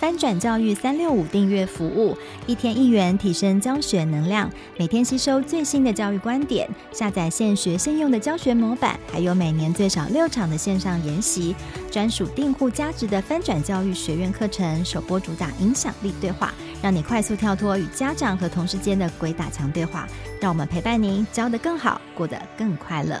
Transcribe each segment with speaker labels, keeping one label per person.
Speaker 1: 翻轉教育三六五訂閱服務，一天一元，提升教學能量。每天吸收最新的教育觀點，下載現學現用的教學模板，還有每年最少六場的線上研習，專屬訂戶加值的翻轉教育學院課程首播，主打影響力對話，讓你快速跳脫與家長和同事間的鬼打牆對話。讓我們陪伴您教得更好，過得更快樂。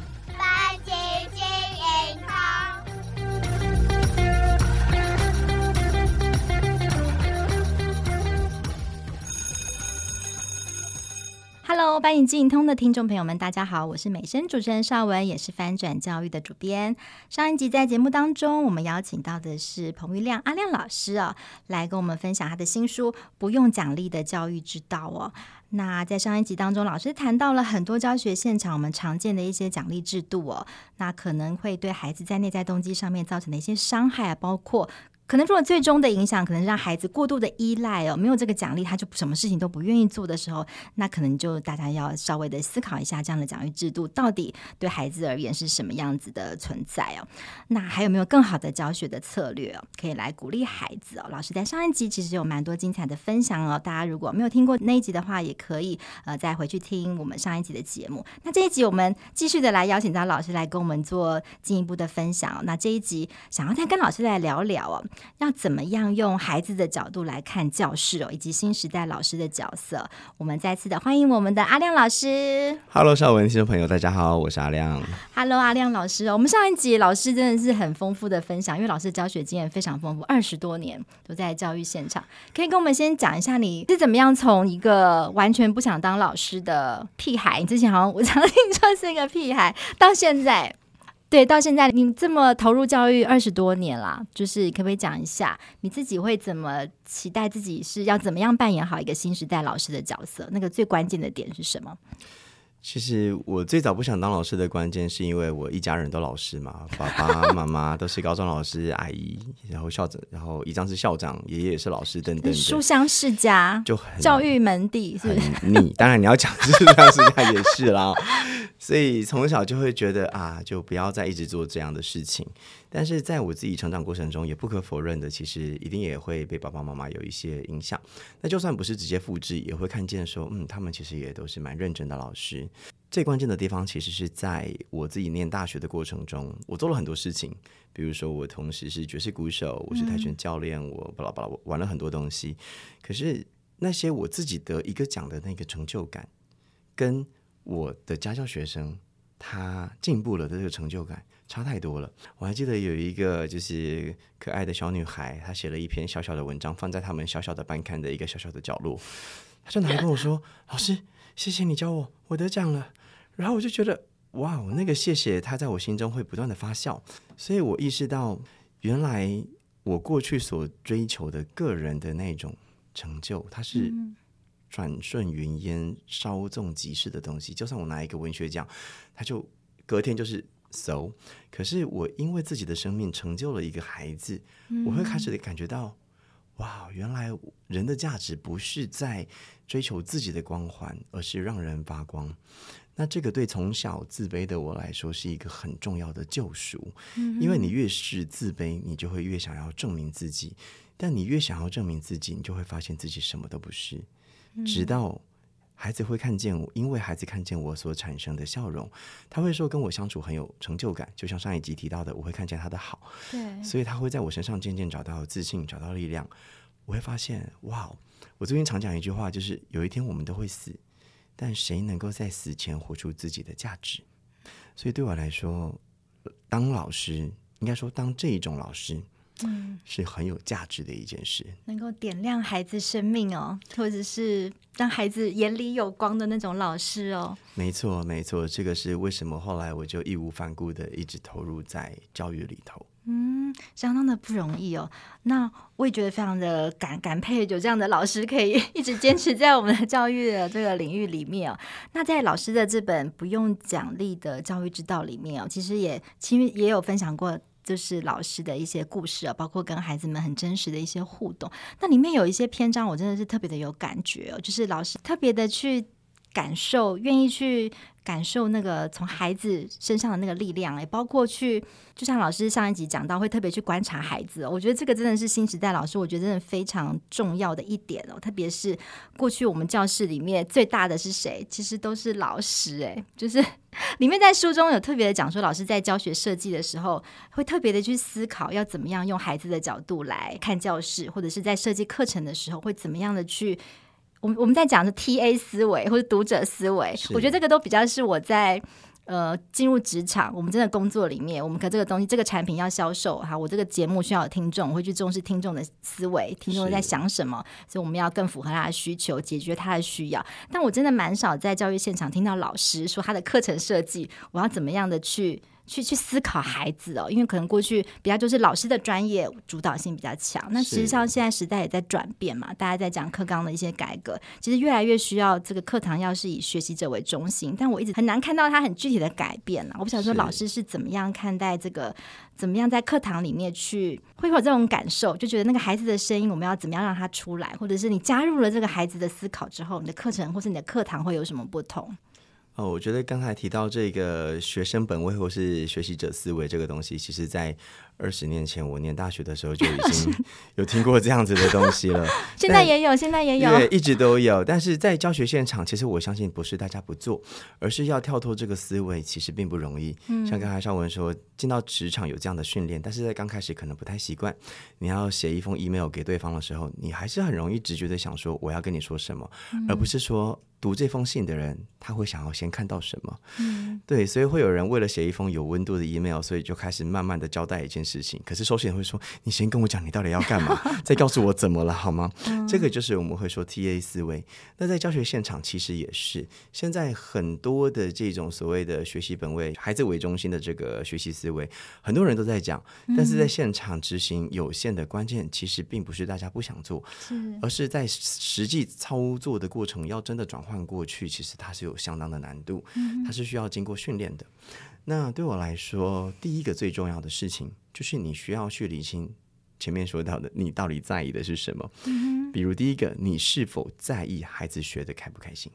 Speaker 1: 歡迎經營通的聽眾朋友們，大家好，我是美聲主持人紹雯，也是翻轉教育的主編。上一集在節目當中，我們邀請到的是彭瑜亮阿亮老師哦，來跟我們分享他的新書《不用獎勵的教育之道》哦。那在上一集當中，老師談到了很多教學現場我們常見的一些獎勵制度哦，那可能會對孩子在內在動機上面造成的一些傷害啊，包括。可能如果最終的影響，可能讓孩子過度的依賴哦，沒有這個獎勵，他就什麼事情都不願意做的時候，那可能就大家要稍微的思考一下，這樣的獎勵制度到底對孩子而言是什麼樣子的存在哦。那還有沒有更好的教學的策略哦，可以來鼓勵孩子哦？老師在上一集其實有蠻多精彩的分享哦，大家如果沒有聽過那一集的話，也可以呃再回去聽我們上一集的節目。那這一集我們繼續的來邀請到老師來跟我們做進一步的分享哦。那這一集想要再跟老師來聊聊哦。要怎麼樣用孩子的角度來看教室哦，以及新時代老師的角色？我們再次的歡迎我們的阿亮老師。
Speaker 2: Hello，紹雯聽眾朋友，大家好，我是阿亮。
Speaker 1: Hello，阿亮老師哦，我們上一集老師真的是很豐富的分享，因為老師教學經驗非常豐富，二十多年都在教育現場。可以跟我們先講一下你是怎麼樣從一個完全不想當老師的屁孩，你之前好像我常聽說是一個屁孩，到現在。對，到現在你這麼投入教育二十多年了，就是可不可以講一下你自己會怎麼期待自己，是要怎麼樣扮演好一個新時代老師的角色？那個最關鍵的點是什麼？
Speaker 2: 其實我最早不想當老師的關鍵，是因為我一家人都老師嘛，爸爸媽媽都是高中老師， 阿姨，然後校長，然後一張是校長，爺爺也是老師等等的，書
Speaker 1: 香世家就很教育門第，
Speaker 2: 是當然你要講書香世家也是啦， 所以從小就會覺得啊，就不要再一直做這樣的事情。但是在我自己成長過程中，也不可否認的，其實一定也會被爸爸媽媽有一些影響。那就算不是直接複製，也會看見說，嗯，他們其實也都是蠻認真的老師。最關鍵的地方，其實是在我自己念大學的過程中，我做了很多事情。比如說，我同時是爵士鼓手，我是跆拳教練，我巴拉巴拉，我玩了很多東西。可是那些我自己得一個獎的那個成就感，跟我的家教學生他進步了的這個成就感。差太多了。我還記得有一個就是可愛的小女孩，她寫了一篇小小的文章，放在他們小小的班刊的一個小小的角落。她就拿來跟我說：“ 老師，謝謝你教我，我得獎了。”然後我就覺得，哇，那個謝謝，它在我心中會不斷的發酵。所以我意識到，原來我過去所追求的個人的那種成就，它是轉瞬雲煙、稍縱即逝的東西。就算我拿一個文學獎，他就隔天就是。So，可是我因為自己的生命成就了一個孩子，嗯哼。我會開始感覺到，哇，原來人的價值不是在追求自己的光環，而是讓人發光。那這個對從小自卑的我來說是一個很重要的救贖，嗯哼。因為你越是自卑，你就會越想要證明自己，但你越想要證明自己，你就會發現自己什麼都不是，直到。孩子會看見我，因為孩子看見我所產生的笑容，他會說跟我相處很有成就感。就像上一集提到的，我會看見他的好，對，所以他會在我身上漸漸找到自信，找到力量。我會發現，哇，我最近常講一句話，就是有一天我們都會死，但誰能夠在死前活出自己的價值？所以對我來說，當老師，應該說當這一種老師。嗯，是很有價值的一件事，
Speaker 1: 能夠點亮孩子生命哦，或者是讓孩子眼裡有光的那種老師哦。
Speaker 2: 沒錯，沒錯，這個是為什麼後來我就義無反顧的一直投入在教育裡頭。嗯，
Speaker 1: 相當的不容易哦。那我也覺得非常的感感佩有這樣的老師可以一直堅持在我們的教育的這個領域裡面哦。 那在老師的這本不用獎勵的教育之道裡面哦，其實也其實也有分享過。就是老師的一些故事啊，包括跟孩子們很真實的一些互動。那裡面有一些篇章，我真的是特別的有感覺哦，就是老師特別的去。感受，願意去感受那個從孩子身上的那個力量，誒，包括去，就像老師上一集講到，會特別去觀察孩子。我覺得這個真的是新時代老師，我覺得真的非常重要的一點哦。特別是過去我們教室裡面最大的是誰？其實都是老師欸，誒，就是裡面在書中有特別的講說，老師在教學設計的時候，會特別的去思考要怎麼樣用孩子的角度來看教室，或者是在設計課程的時候，會怎麼樣的去。我我們們在講的 TA 思維或者讀者思維，是我覺得這個都比較是我在呃進入職場，我們真的工作裡面，我們可這個東西這個產品要銷售哈，我這個節目需要有聽眾，我會去重視聽眾的思維，聽眾在想什麼，是所以我們要更符合他的需求，解決他的需要。但我真的蠻少在教育現場聽到老師說他的課程設計，我要怎麼樣的去。去去思考孩子哦，因為可能過去比較就是老師的專業主導性比較強，那實際上現在時代也在轉變嘛，大家在講課綱的一些改革，其實越來越需要這個課堂要是以學習者為中心，但我一直很難看到他很具體的改變啊。我不想說老師是怎麼樣看待這個，怎麼樣在課堂裡面去會，會有這種感受，就覺得那個孩子的聲音我們要怎麼樣讓他出來，或者是你加入了這個孩子的思考之後，你的課程或是你的課堂會有什麼不同？
Speaker 2: 哦，我覺得剛才提到這個學生本位或是學習者思維這個東西，其實在，二十年前，我念大學的時候就已經有聽過這樣子的東西了。 現在也
Speaker 1: 有，現在也有，對，一直
Speaker 2: 都有。但是在教學現場，其實我相信不是大家不做，而是要跳脫這個思維，其實並不容易。嗯，像剛才紹雯說，進到職場有這樣的訓練，但是在剛開始可能不太習慣。你要寫一封 email 給對方的時候，你還是很容易直覺的想說我要跟你說什麼，而不是說讀這封信的人他會想要先看到什麼。嗯，對，所以會有人為了寫一封有溫度的 email，所以就開始慢慢的交代一件事。執行，可是收信人會說：“你先跟我講，你到底要幹嘛， 再告訴我怎麼了，好嗎？”嗯，這個就是我們會說 TA 思維。那在教學現場其實也是，現在很多的這種所謂的學習本位、孩子為中心的這個學習思維，很多人都在講，但是在現場執行有限的關鍵，其實並不是大家不想做，是而是在實際操作的過程，要真的轉換過去，其實它是有相當的難度，它是需要經過訓練的。那對我來說，第一個最重要的事情就是你需要去理清前面說到的，你到底在意的是什麼。嗯、哼比如，第一個，你是否在意孩子學的開不開心？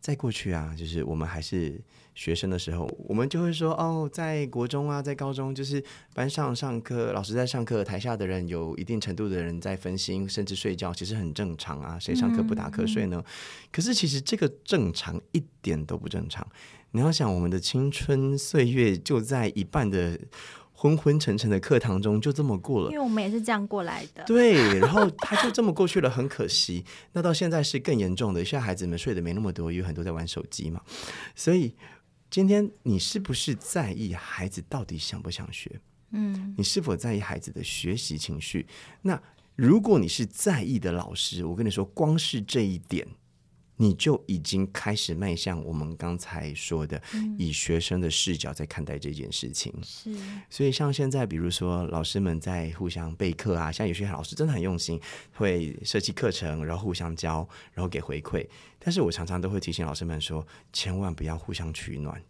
Speaker 2: 在過去啊，就是我們還是學生的時候，我們就會說哦，在國中啊，在高中，就是班上上課，老師在上課，台下的人有一定程度的人在分心，甚至睡覺，其實很正常啊。誰上課不打瞌睡呢？嗯嗯、可是其實這個正常一點都不正常。你要想，我們的青春歲月就在一半的。昏昏沉沉的課堂中就這麼過了，因
Speaker 1: 為我們也是這樣過來的。
Speaker 2: 對，然後他就這麼過去了，很可惜。 那到現在是更嚴重的，現在孩子們睡得沒那麼多，有很多在玩手機嘛。所以今天你是不是在意孩子到底想不想學？嗯，你是否在意孩子的學習情緒？那如果你是在意的老師，我跟你說，光是這一點。你就已經開始邁向我們剛才說的，嗯，以學生的視角在看待這件事情。是，所以像現在，比如說老師們在互相備課啊，像有些老師真的很用心，會設計課程，然後互相教，然後給回饋。但是我常常都會提醒老師們說，千萬不要互相取暖。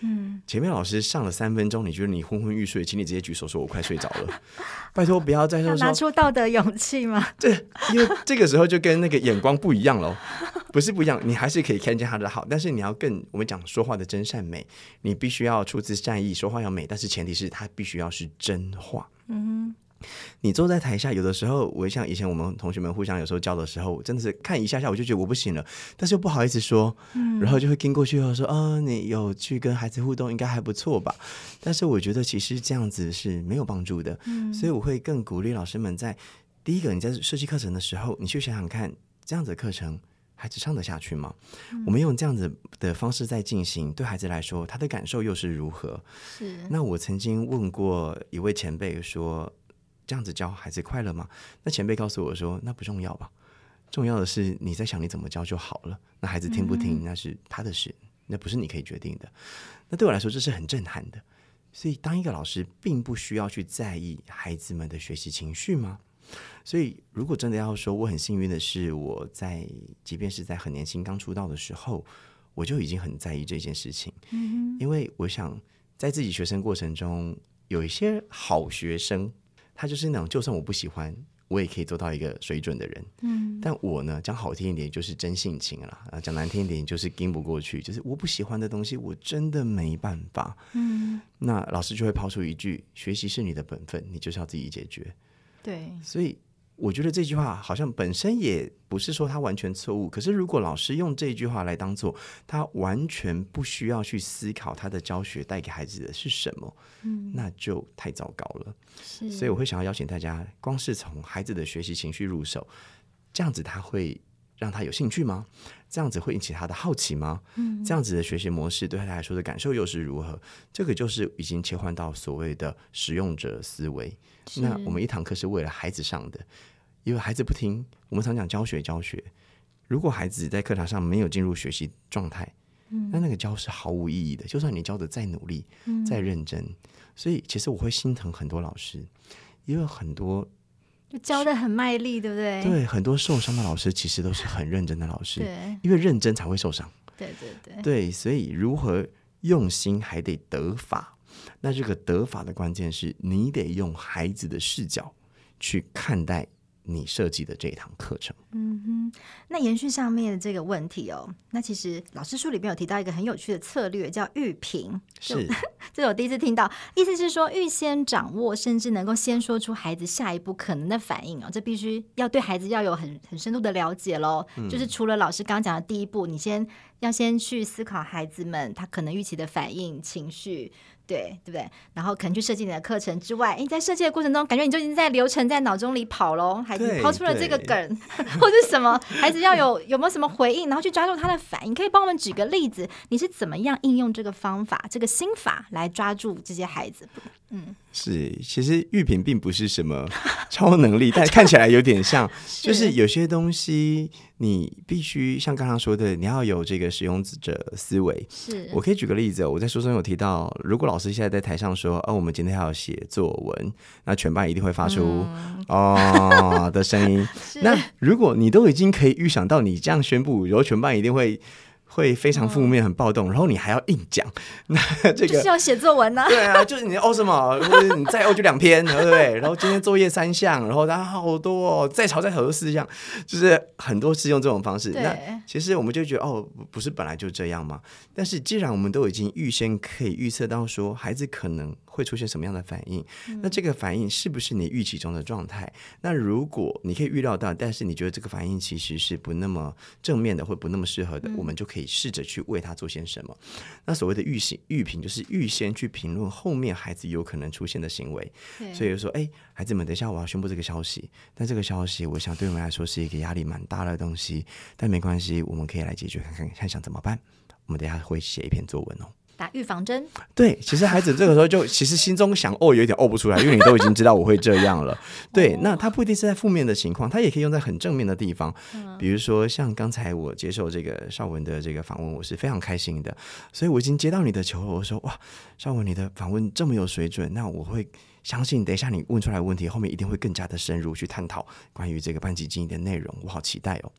Speaker 2: 嗯，前面老師上了三分鐘，你覺得你昏昏欲睡，請你直接舉手說“我快睡着了”， 拜托不要再說說要拿出
Speaker 1: 道德勇氣嗎？對
Speaker 2: 因為這個時候就跟那個眼光不一樣嘍，不是不一樣，你還是可以看見他的好，但是你要更我們講說話的真善美，你必須要出自善意，說話要美，但是前提是他必須要是真話。嗯哼。你坐在台下，有的時候，我像以前我們同學們互相有時候教的時候，真的是看一下下，我就覺得我不行了，但是又不好意思說，嗯、然後就會聽過去後說：“啊、哦，你有去跟孩子互動，應該還不錯吧？”但是我覺得其實這樣子是沒有幫助的，嗯、所以我會更鼓勵老師們在第一個你在設計課程的時候，你去想想看，這樣子的課程孩子上得下去嗎？嗯、我們用這樣子的方式在進行，對孩子來說，他的感受又是如何？是。那我曾經問過一位前輩說，這樣子教孩子快樂嗎？那前輩告訴我說，那不重要吧。重要的是你在想你怎麼教就好了。那孩子聽不聽那是他的事，嗯、哼那不是你可以決定的。那對我來說這是很震撼的。所以當一個老師並不需要去在意孩子們的學習情緒嗎？所以如果真的要說，我很幸運的是我在，即便是在很年輕剛出道的時候，我就已經很在意這件事情。嗯、哼因為我想在自己學生過程中有一些好學生。他就是那種，就算我不喜歡，我也可以做到一個水準的人。嗯，但我呢，講好聽一點就是真性情啦，講難聽一點就是經不過去，就是我不喜歡的東西，我真的沒辦法。嗯，那老師就會拋出一句：“學習是你的本分，你就是要自己解決。”對，所以。我覺得這句話好像本身也不是說他完全錯誤，可是如果老師用這句話來當做他完全不需要去思考他的教學帶給孩子的是什麼，嗯，那就太糟糕了。是，所以我會想要邀請大家，光是從孩子的學習情緒入手，這樣子他會。讓他有興趣嗎？這樣子會引起他的好奇嗎？嗯、這樣子的學習模式對他來說的感受又是如何？這個就是已經切換到所謂的使用者思維。
Speaker 1: 是那我們一
Speaker 2: 堂課是為了孩子上的，因為孩子不聽，我們常講教學教學。如果孩子在課堂上沒有進入學習狀態，嗯、那那個教是毫無意義的。就算你教的再努力、嗯、再認真，所以其實我會心疼很多老師，因為很多。
Speaker 1: 教得很賣力，是對不對？對，很
Speaker 2: 多受傷的老師其實都是很認真的老師， 對因為認真才會受傷。
Speaker 1: 對對
Speaker 2: 對，對，所以如何用心還得得法。那這個得法的關鍵是你得用孩子的視角去看待。你設計的這一堂課程，嗯
Speaker 1: 哼，那延續上面的這個問題哦，那其實老師書裡面有提到一個很有趣的策略，叫預評，是， 這是我第一次聽到，意思是說預先掌握，甚至能夠先說出孩子下一步可能的反應哦，這必須要對孩子要有很很深度的了解嘍，嗯、就是除了老師剛剛講的第一步，你先要先去思考孩子們他可能預期的反應情緒。對，對不對？然後可能去設計你的課程之外，誒，在設計的過程中，感覺你就已經在流程在腦中裡跑嘍，還是拋出了這個梗，或者是什麼，孩子要有有沒有什麼回應，然後去抓住他的反應，可以幫我們舉個例子，你是怎麼樣應用這個方法、這個心法來抓住這些孩子？嗯。
Speaker 2: 是，其實預評並不是什麼超能力， 但是看起來有點像， 是就是有些東西你必須像剛剛說的，你要有這個使用者思維。是我可以舉個例子，哦，我在書中有提到，如果老師現在在台上說：“哦，我們今天要寫作文”，那全班一定會發出“嗯、哦” 的聲音。 是那如果你都已經可以預想到你這樣宣布，然後全班一定會。會非常負面，很暴動。嗯、然後你還要硬講，那這個需要
Speaker 1: 寫作文呢？啊？對啊，
Speaker 2: 就是你哦、oh、什麼， 是你再哦、oh、就兩篇，對不對？然後今天作業三項，然後大家好多、哦，再吵再吵多四項，就是很多是用這種方式。對那其實我們就覺得哦，不是本來就這樣嘛。但是既然我們都已經預先可以預測到說孩子可能。會出現什麼樣的反應？那這個反應是不是你預期中的狀態？嗯、那如果你可以預料到，但是你覺得這個反應其實是不那麼正面的，或不那麼適合的，嗯、我們就可以試着去為他做些什麼。那所謂的預行預評，就是預先去評論後面孩子有可能出現的行為。嘿所以就說，哎、欸，孩子們，等一下我要宣布這個消息，但這個消息我想對我們來說是一個壓力蠻大的東西。但沒關係，我們可以來解決看看看想怎麼辦。我們等一下會寫一篇作文哦。
Speaker 1: 打預防針，
Speaker 2: 對，其實孩子這個時候就 其實心中想哦，有一點哦不出來，因為你都已經知道我會這樣了。 對，那他不一定是在負面的情況，他也可以用在很正面的地方，哦、比如說像剛才我接受這個紹雯的這個訪問，我是非常開心的，所以我已經接到你的球，我說哇，紹雯你的訪問這麼有水準，那我會。相信等一下你問出來問題，後面一定會更加的深入去探討關於這個班級經營的內容。我好期待哦！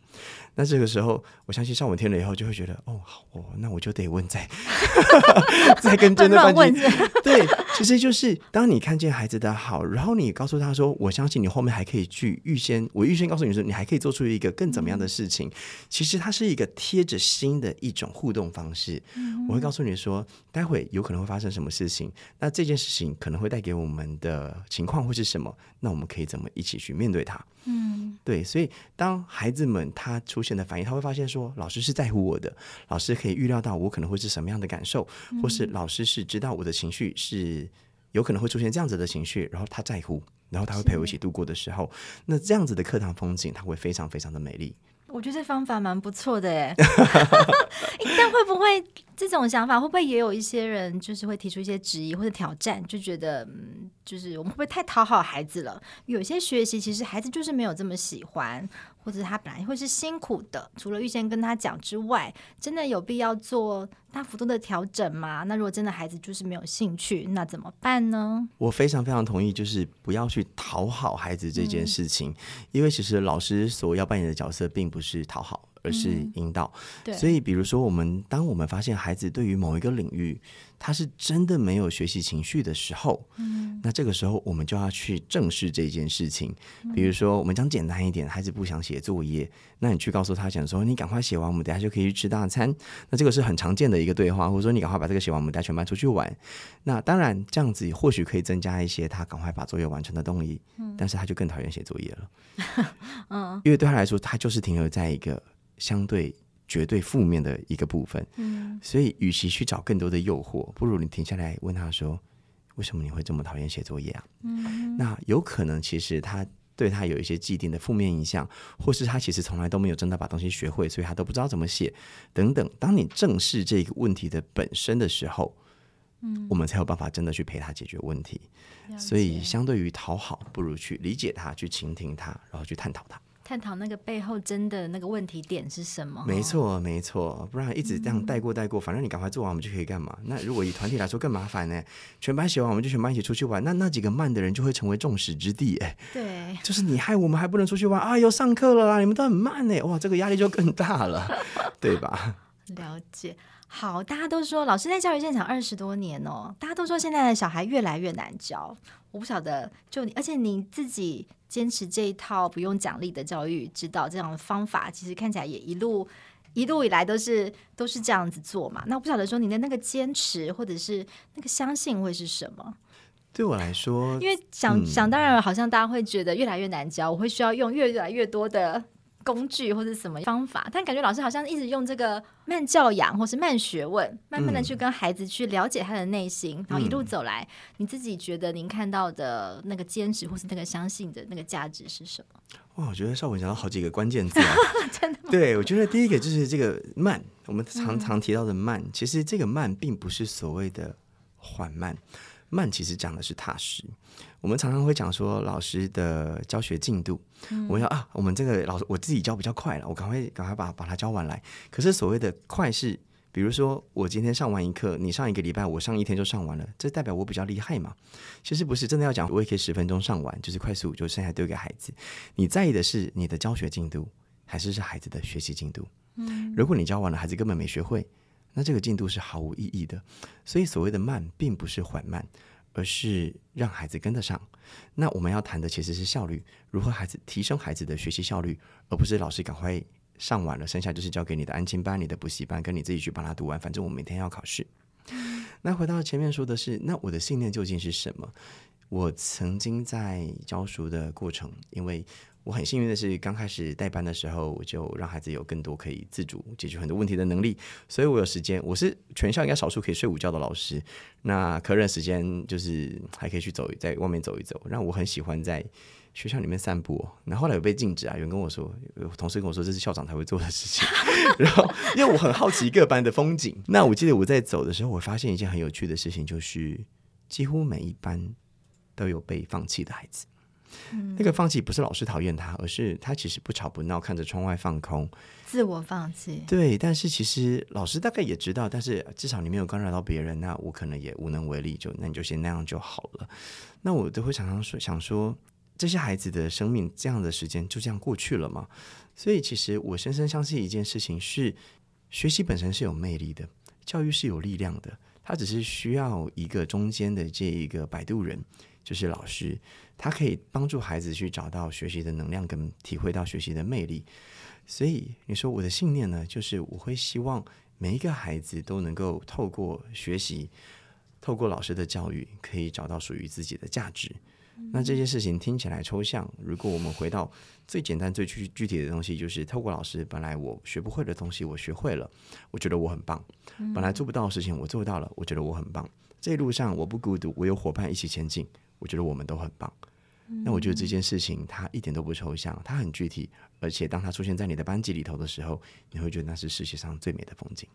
Speaker 2: 那這個時候，我相信上午天了以後，就會覺得哦，好哦，那我就得問在， 再跟真的班級對。其實就是，當你看見孩子的好，然後你告訴他說：“我相信你後面還可以去預先，我預先告訴你說，你還可以做出一個更怎麼樣的事情。”嗯。其實它是一個貼着心的一種互動方式。嗯，我會告訴你說，待會有可能會發生什麼事情，那這件事情可能會帶給我們的情況會是什麼？那我們可以怎麼一起去面對它？嗯，對，所以當孩子們他出現的反應，他會發現說，老師是在乎我的，老師可以預料到我可能會是什麼樣的感受，或是老師是知道我的情緒是有可能會出現這樣子的情緒，然後他在乎，然後他會陪我一起度過的時候，是那這樣子的課堂風景，他會非常非常的美麗。
Speaker 1: 我覺得這方法蠻不錯的誒。 但會不會這種想法，會不會也有一些人就是會提出一些質疑或者挑戰？就覺得嗯，就是我們會不會太討好孩子了？有些學習其實孩子就是沒有這麼喜歡。或者他本來會是辛苦的，除了預先跟他講之外，真的有必要做大幅度的調整嗎？那如果真的孩子就是沒有興趣，那怎麼辦呢？
Speaker 2: 我非常非常同意，就是不要去討好孩子這件事情，嗯、因為其實老師所要扮演的角色並不是討好。而是引導，嗯、所以比如說，我們當我們發現孩子對於某一個領域，他是真的沒有學習情緒的時候，嗯、那這個時候我們就要去正視這件事情。嗯、比如說，我們講簡單一點，孩子不想寫作業，那你去告訴他講說：“你趕快寫完，我們等下就可以去吃大餐。”那這個是很常見的一個對話，或者說：“你趕快把這個寫完，我們帶全班出去玩。”那當然，這樣子或許可以增加一些他趕快把作業完成的動力，但是他就更討厭寫作業了。嗯 哦、因為對他來說，他就是停留在一個。相對絕對負面的一個部分，嗯，所以與其去找更多的誘惑，不如你停下來問他說：“為什麼你會這麼討厭寫作業啊？”嗯，那有可能其實他對他有一些既定的負面印象，或是他其實從來都沒有真的把東西學會，所以他都不知道怎麼寫，等等。當你正視這個問題的本身的時候，
Speaker 1: 嗯，我們
Speaker 2: 才有辦法真的去陪他解決問題。了解。所以相對於討好，不如去理解他，去傾聽他，然後去探討他。
Speaker 1: 探討那個背後真的那個問題點是什麼？沒
Speaker 2: 錯，沒錯，不然一直這樣帶過帶過，嗯、反正你趕快做完，我們就可以幹嘛？那如果以團體來說，更麻煩呢、欸？全班寫完，我們就全班一起出去玩，那那幾個慢的人就會成為眾矢之的、欸，對，就是你害我們還不能出去玩啊！有上課了啦，你們都很慢呢、欸，哇，這個壓力就更大了， 對吧？
Speaker 1: 了解。好，大家都說老師在教育現場二十多年哦，大家都說現在的小孩越來越難教。我不曉得，就你，而且你自己堅持這一套不用獎勵的教育之道這樣的方法，其實看起來也一路、一路以來都是、都是這樣子做嘛。那我不曉得說，你的那個堅持或者是那個相信會是什麼？
Speaker 2: 對我來說，因為想想
Speaker 1: 當然，嗯、好像大家會覺得越來越難教，我會需要用越來越多的。工具或者什麼方法，但感覺老師好像一直用這個慢教養，或是慢學問，慢慢的去跟孩子去了解他的內心，嗯、然後一路走來，你自己覺得您看到的那個堅持或是那個相信的那個價值是什麼，嗯？
Speaker 2: 哇，我覺得紹雯講到好幾個關鍵字啊，
Speaker 1: 真的嗎。對，
Speaker 2: 我覺得第一個就是這個慢，我們常常提到的慢，嗯、其實這個慢並不是所謂的緩慢，慢其實講的是踏實。我們常常會講說老師的教學進度，嗯、我說啊，我們這個老師我自己教比較快了，我趕快趕快把把它教完來。可是所謂的快是，比如說我今天上完一課，你上一個禮拜，我上一天就上完了，這代表我比較厲害嘛？其實不是，真的要講我也可以十分鐘上完，就是快速，就剩下丟給孩子。你在意的是你的教學進度，還是是孩子的學習進度？嗯、如果你教完了，孩子根本沒學會，那這個進度是毫無意義的。所以所謂的慢，並不是緩慢。而是讓孩子跟得上。那我們要談的其實是效率，如何孩子提升孩子的學習效率，而不是老師趕快上完了，剩下就是交給你的安親班、你的補習班，跟你自己去把它讀完。反正我明天要考試。 那回到前面說的是，那我的信念究竟是什麼？我曾經在教書的過程，因為。我很幸運的是，剛開始帶班的時候，我就讓孩子有更多可以自主解決很多問題的能力，所以我有時間。我是全校應該少數可以睡午覺的老師，那科任時間就是還可以去走，在外面走一走。讓我很喜歡在學校裡面散步。那後，後來有被禁止啊，有人跟我說，有同事跟我說，這是校長才會做的事情。然後，因為我很好奇各班的風景。那我記得我在走的時候，我發現一件很有趣的事情，就是幾乎每一班都有被放棄的孩子。嗯，那個放棄不是老師討厭他，而是他其實不吵不鬧，看着窗外放空，
Speaker 1: 自我放棄。
Speaker 2: 對，但是其實老師大概也知道，但是至少你沒有干擾到別人，那我可能也無能為力，就那你就先那樣就好了。那我都會常常說，想說這些孩子的生命這樣的時間就這樣過去了嘛。所以其實我深深相信一件事情是，學習本身是有魅力的，教育是有力量的，他只是需要一個中間的這一個擺渡人。就是老師，他可以幫助孩子去找到學習的能量，跟體會到學習的魅力。所以你說我的信念呢，就是我會希望每一個孩子都能夠透過學習，透過老師的教育，可以找到屬於自己的價值。那這件事情聽起來抽象，如果我們回到最簡單、最具具體的東西，就是透過老師，本來我學不會的東西我學會了，我覺得我很棒；本來做不到的事情我做到了，我覺得我很棒。這一路上我不孤獨，我有夥伴一起前進。我覺得我們都很棒，
Speaker 1: 那我覺得這件
Speaker 2: 事情它一點都不抽象，它很具體，而且當它出現在你的班級裡頭的時候，你會覺得那是世界上最美的風景。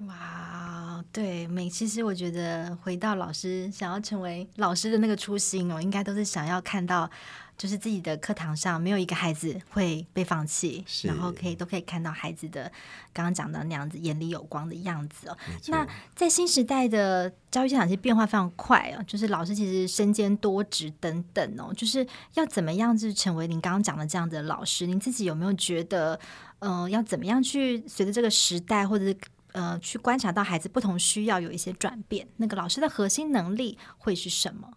Speaker 1: 哇，wow, 對，每其實我覺得回到老師想要成為老師的那個初心哦，應該都是想要看到，就是自己的課堂上沒有一個孩子會被放棄，是然後可以都可以看到孩子的剛剛講的那樣子眼裡有光的樣子哦。的那在新時代的教育現場其實變化非常快哦，就是老師其實身兼多職等等哦，就是要怎麼樣去成為您剛剛講的這樣的老師，您自己有沒有覺得，嗯、呃，要怎麼樣去隨着這個時代或者是？呃，去觀察到孩子不同需要有一些轉變，那個老師的核心能力會是什麼？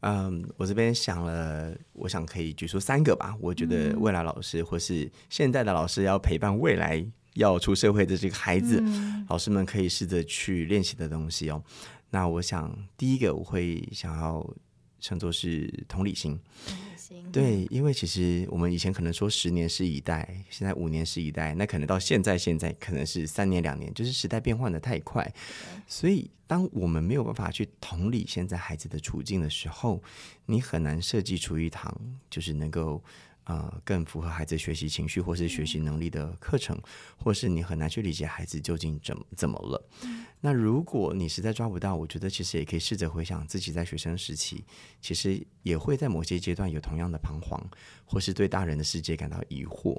Speaker 1: 嗯，
Speaker 2: 我這邊想了，我想可以舉出三個吧。我覺得未來老師或是現在的老師要陪伴未來要出社會的這個孩子，嗯、老師們可以試着去練習的東西哦。那我想第一個我會想要。稱作是同理心，同理心對，因為其實我們以前可能說十年是一代，現在五年是一代，那可能到現在現在可能是三年兩年，就是時代變換得太快，嗯、所以當我們沒有辦法去同理現在孩子的處境的時候，你很難設計出一堂就是能夠。呃，更符合孩子學習情緒或是學習能力的課程，嗯、或是你很難去理解孩子究竟怎怎麼了。嗯、那如果你實在抓不到，我覺得其實也可以試着回想自己在學生時期，其實也會在某些階段有同樣的彷徨，或是對大人的世界感到疑惑。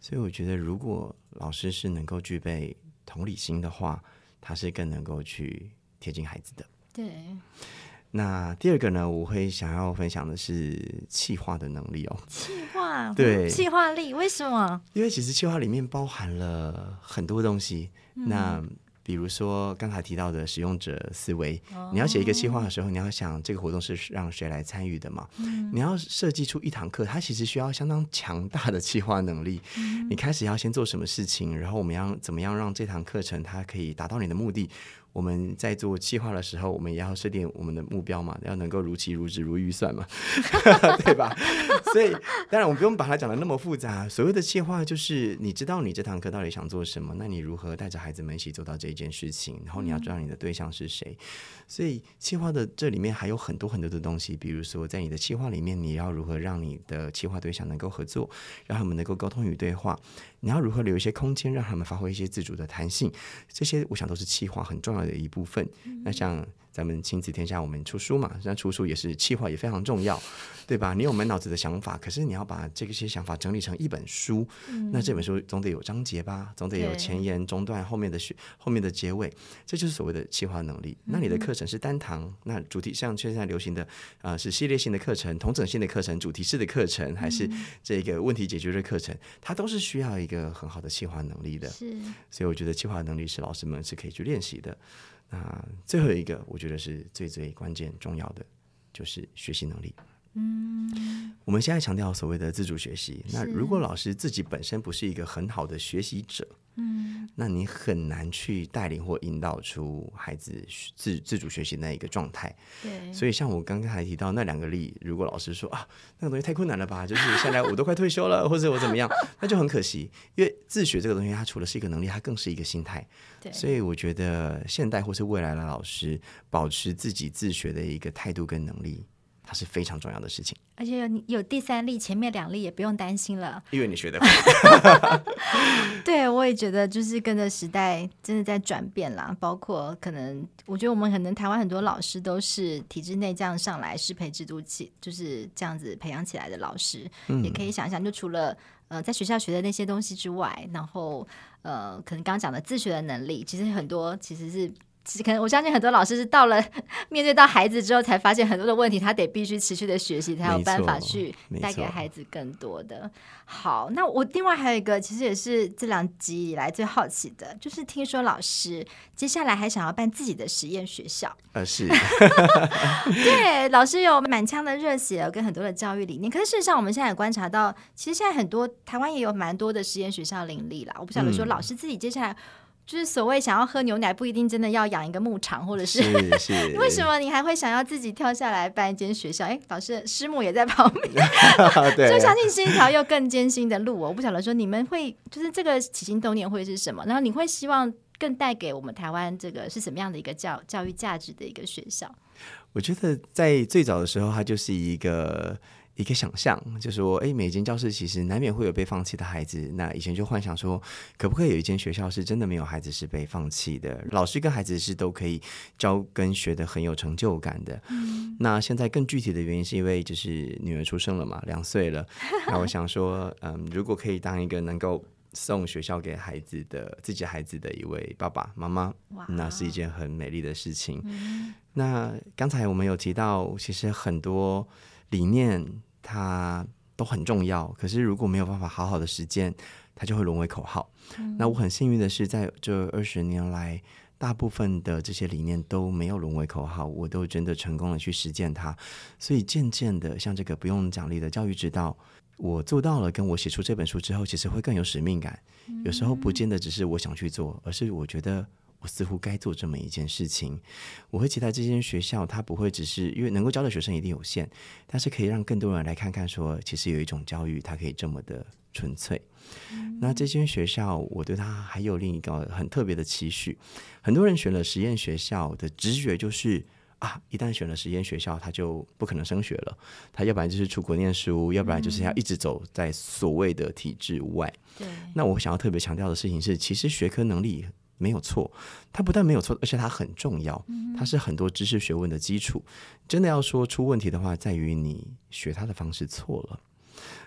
Speaker 2: 所以我覺得，如果老師是能夠具備同理心的話，他是更能夠去貼近孩子的。對。那第二個呢，我會想要分享的是企劃的能力哦。企
Speaker 1: 劃，對，企劃力為什麼？
Speaker 2: 因為其實企劃裡面包含了很多東西。嗯、那比如說剛才提到的使用者思維，哦、你要寫一個企劃的時候，你要想這個活動是讓誰來參與的嘛？嗯、你要設計出一堂課，它其實需要相當強大的企劃能力。嗯、你開始要先做什麼事情？然後我們要怎麼樣讓這堂課程它可以達到你的目的？我們在做計劃的時候，我們也要設定我們的目標嘛，要能夠如期、如質、如預算嘛， 對吧？所以，當然我們不用把它講的那麼複雜。所謂的計劃，就是你知道你這堂課到底想做什麼，那你如何帶着孩子們一起做到這件事情？然後你要知道你的對象是誰。嗯、所以，計劃的這裡面還有很多很多的東西，比如說在你的計劃裡面，你要如何讓你的計劃對象能夠合作，讓他們能夠溝通與對話。你要如何留一些空間，讓他們發揮一些自主的彈性？這些，我想都是企劃很重要的一部分。那像，咱們親子天下，我們出書嘛，那出書也是企劃也非常重要，對吧？你有滿腦子的想法，可是你要把這些想法整理成一本書，嗯、那這本書總得有章節吧，總得有前言、中段，後面的學後面的結尾，對這就是所謂的企劃能力。嗯、那你的課程是單堂，那主題像現在流行的啊、呃，是系列性的課程、統整性的課程、主題式的課程，還是這個問題解決的課程，嗯、它都是需要一個很好的企劃能力的。是，所以我覺得企劃能力是老師們是可以去練習的。啊，最後一個，我覺得是最最關鍵、重要的，就是學習能力。嗯，我們現在強調所謂的自主學習，是那如果老師自己本身不是一個很好的學習者。嗯，那你很難去帶領或引導出孩子自自主學習那一個狀態。對，所以像我剛剛還提到那兩個例，如果老師說啊，那個東西太困難了吧，就是現在我都快退休了， 或者我怎麼樣，那就很可惜。因為自學這個東西，它除了是一個能力，它更是一個心態。對，所以我覺得現代或是未來的老師，保持自己自學的一個態度跟能力。它是非常重要的事情，
Speaker 1: 而且有有第三例，前面兩例也不用擔心了。因為你學得， 對我也覺得，就是跟着時代真的在轉變啦。包括可能，我覺得我們可能台灣很多老師都是體制內這樣上來，適配制度起，就是這樣子培養起來的老師。嗯，也可以想一想，就除了呃在學校學的那些東西之外，然後呃可能剛剛講的自學的能力，其實很多其實是。其實，可能我相信很多老師是到了面對到孩子之後，才發現很多的問題，他得必須持續的學習，才有辦法去帶給孩子更多的。好，那我另外還有一個，其實也是這兩集以來最好奇的，就是聽說老師接下來還想要辦自己的實驗學校。呃，
Speaker 2: 是，
Speaker 1: 對，老師有滿腔的熱血跟很多的教育理念。可是事實上，我們現在也觀察到，其實現在很多台灣也有蠻多的實驗學校林立啦。我不曉得說，老師自己接下來。就是所謂想要喝牛奶，不一定真的要養一個牧場，或者是、是、是 為什麼你還會想要自己跳下來辦一間學校？哎、欸，老師師母也在旁
Speaker 2: 邊， 對就相信是一條又
Speaker 1: 更艱辛的路哦。 我不曉得說你們會就是這個起心動念會是什麼，然後你會希望更帶給我們台灣這個是什麼樣的一個教教育價值的一個學校？
Speaker 2: 我覺得在最早的時候，它就是一個。一個想象，就說誒，每一間教室其實難免會有被放棄的孩子。那以前就幻想說，可不可以有一間學校是真的沒有孩子是被放棄的，老師跟孩子是都可以教跟學得很有成就感的。嗯、那現在更具體的原因是因為就是女兒出生了嘛，兩歲了。那我想說，嗯，如果可以當一個能夠送學校給孩子的自己孩子的一位爸爸媽媽，哇那是一件很美麗的事情。嗯、那剛才我們有提到，其實很多。理念，它都很重要，可是如果沒有辦法好好的實踐，它就會淪為口號。嗯、那我很幸運的是，在這二十年來，大部分的這些理念都沒有淪為口號，我都真的成功了去實踐它。所以漸漸的，像這個不用獎勵的教育之道，我做到了。跟我寫出這本書之後，其實會更有使命感。有時候不見得只是我想去做，而是我覺得。我似乎該做這麼一件事情。我會期待這間學校，它不會只是因為能夠教的學生一定有限，但是可以讓更多人來看看說，說其實有一種教育，它可以這麼的純粹。嗯、那這間學校，我對它還有另一個很特別的期許。很多人選了實驗學校的直覺就是啊，一旦選了實驗學校，他就不可能升學了，他要不然就是出國念書，要不然就是要一直走在所謂的體制外。嗯、對，那我想要特別強調的事情是，其實學科能力，沒有錯，它不但沒有錯，而且它很重要，它是很多知識學問的基礎。嗯。真的要說出問題的話，在於你學它的方式錯了。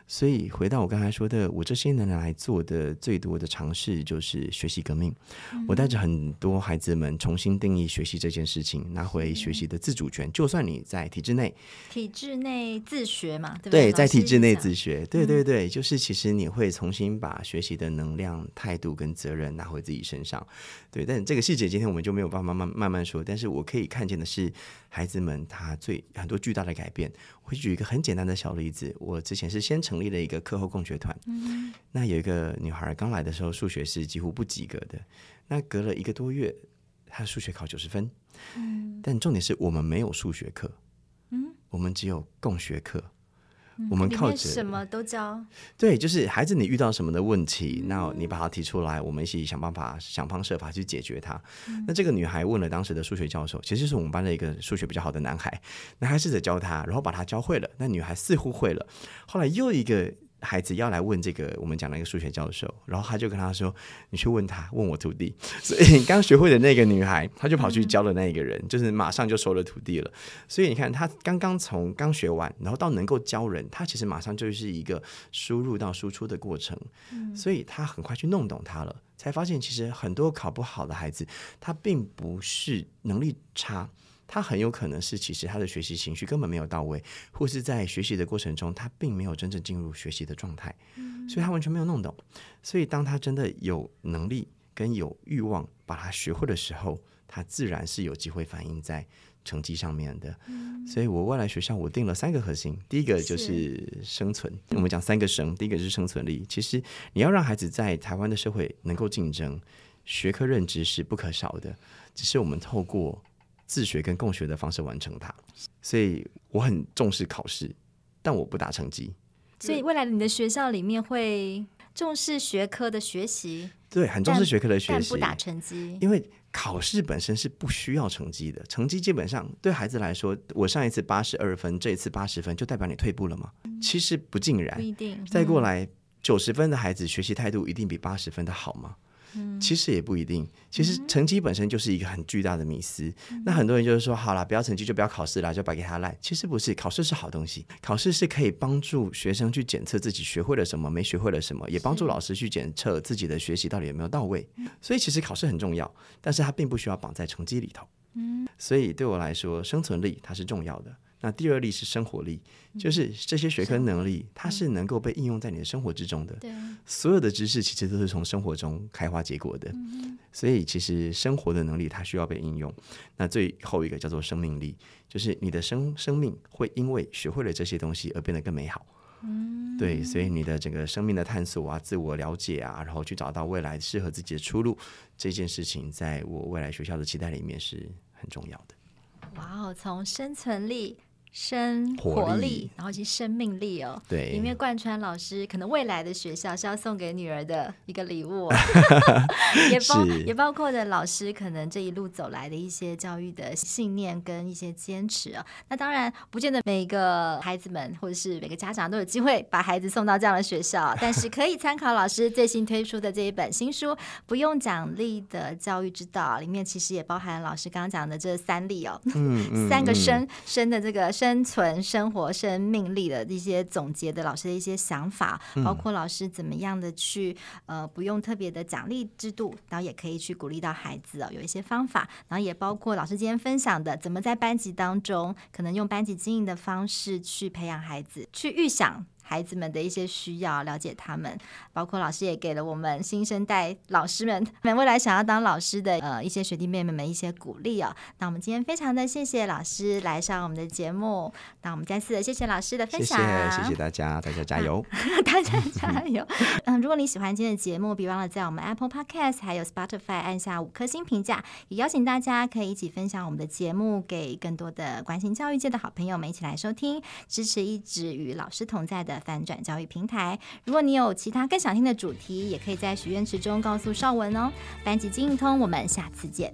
Speaker 2: 所以，回到我剛才說的，我這些年來做的最多的嘗試就是學習革命。嗯、我帶着很多孩子們重新定義學習這件事情，拿回學習的自主權。嗯、就算你在體制內，
Speaker 1: 體制內自學嘛，對不對？對，在體制內自學，對對
Speaker 2: 對，嗯、就是其實你會重新把學習的能量、態度跟責任拿回自己身上。對，但這個細節今天我們就沒有辦法慢慢慢說。但是我可以看見的是，孩子們他最很多巨大的改變。我舉一個很簡單的小例子，我之前是先成立了一個課後共學團。嗯、那有一個女孩剛來的時候，數學是幾乎不及格的。那隔了一個多月，她數學考九十分。嗯、但重點是我們沒有數學課，嗯、我們只有共學課。
Speaker 1: 我們靠著什麼
Speaker 2: 都教，對，就是孩子，你遇到什麼的問題，嗯、那你把他提出來，我們一起想辦法，想方設法去解決它。嗯、那這個女孩問了當時的數學教授，其實就是我們班的一個數學比較好的男孩，男孩試着教他，然後把他教會了。那女孩似乎會了，後來又一個。孩子要來問這個，我們講了一個數學教授，然後他就跟他說：“你去問他，問我徒弟。”所以剛學會的那個女孩，她就跑去教了那一個人，嗯、就是馬上就收了徒弟了。所以你看，他剛剛從剛學完，然後到能夠教人，他其實馬上就是一個輸入到輸出的過程，嗯、所以他很快去弄懂他了，才發現其實很多考不好的孩子，他並不是能力差。他很有可能是，其實他的學習情緒根本沒有到位，或是在學習的過程中，他並沒有真正進入學習的狀態，嗯、所以他完全沒有弄懂。所以當他真的有能力跟有慾望把他學會的時候，他自然是有機會反映在成績上面的。嗯、所以我未來學校我定了三個核心，第一個就是生存。是我們講三個生，第一個是生存力。其實你要讓孩子在台灣的社會能夠競爭，學科認知是不可少的。只是我們透過。自學跟共學的方式完成它，所以我很重視考試，但我不打成績。
Speaker 1: 所以未來你的學校裡面會重視學科的學習？對，
Speaker 2: 很重視學科的學習，但不打成績，因為考試本身是不需要成績的。成績基本上對孩子來說，我上一次八十二分，這一次八十分，就代表你退步了嗎？其實不盡然，不一定，嗯、再過來九十分的孩子，學習態度一定比八十分的好嗎？其實也不一定，其實成績本身就是一個很巨大的迷思。嗯、那很多人就是說，好啦，不要成績就不要考試啦，就擺給他爛。其實不是，考試是好東西，考試是可以幫助學生去檢測自己學會了什麼、沒學會了什麼，也幫助老師去檢測自己的學習到底有沒有到位。是所以其實考試很重要，但是它並不需要綁在成績裡頭。嗯，所以對我來說，生存力它是重要的。那第二例是生活力，就是這些學科能力，嗯、它是能夠被應用在你的生活之中的。嗯、所有的知識其實都是從生活中開花結果的。嗯、所以其實生活的能力它需要被應用。那最後一個叫做生命力，就是你的生生命會因為學會了這些東西而變得更美好。嗯。對，所以你的整個生命的探索啊、自我了解啊，然後去找到未來適合自己的出路，這件事情在我未來學校的期待裡面是很重要的。
Speaker 1: 哇哦，從生存力。生活力，活力然後是生命力哦，對，裡面貫穿老師可能未來的學校是要送給女兒的一個禮物， 也包 是也包括的老師可能這一路走來的一些教育的信念跟一些堅持、哦、那當然不見得每一個孩子們或者是每個家長都有機會把孩子送到這樣的學校， 但是可以參考老師最新推出的這一本新書《不用獎勵的教育之道》，裡面其實也包含老師剛剛講的這三例哦，嗯、三個生生、嗯、的這個。生存、生活、生命力的一些總結的老師的一些想法，包括老師怎麼樣的去呃不用特別的獎勵制度，然後也可以去鼓勵到孩子哦，有一些方法，然後也包括老師今天分享的，怎麼在班級當中可能用班級經營的方式去培養孩子去預想。孩子們的一些需要、了解他們，包括老師也給了我們新生代老師們、未來想要當老師的呃一些學弟妹妹們一些鼓勵哦。那我們今天非常的謝謝老師來上我們的節目，那我們再次的謝謝老師的分享謝謝，謝謝
Speaker 2: 大家，大家加油，
Speaker 1: 啊、大家加油。 嗯，如果你喜歡今天的節目，別忘了在我們 Apple Podcast 還有 Spotify 按下五顆星評價，也邀請大家可以一起分享我們的節目給更多的關心教育界的好朋友們一起來收聽，支持一直與老師同在的。的翻轉教育平台，如果你有其他更想聽的主題，也可以在許願池中告訴紹雯哦。班級經營通，我們下次見。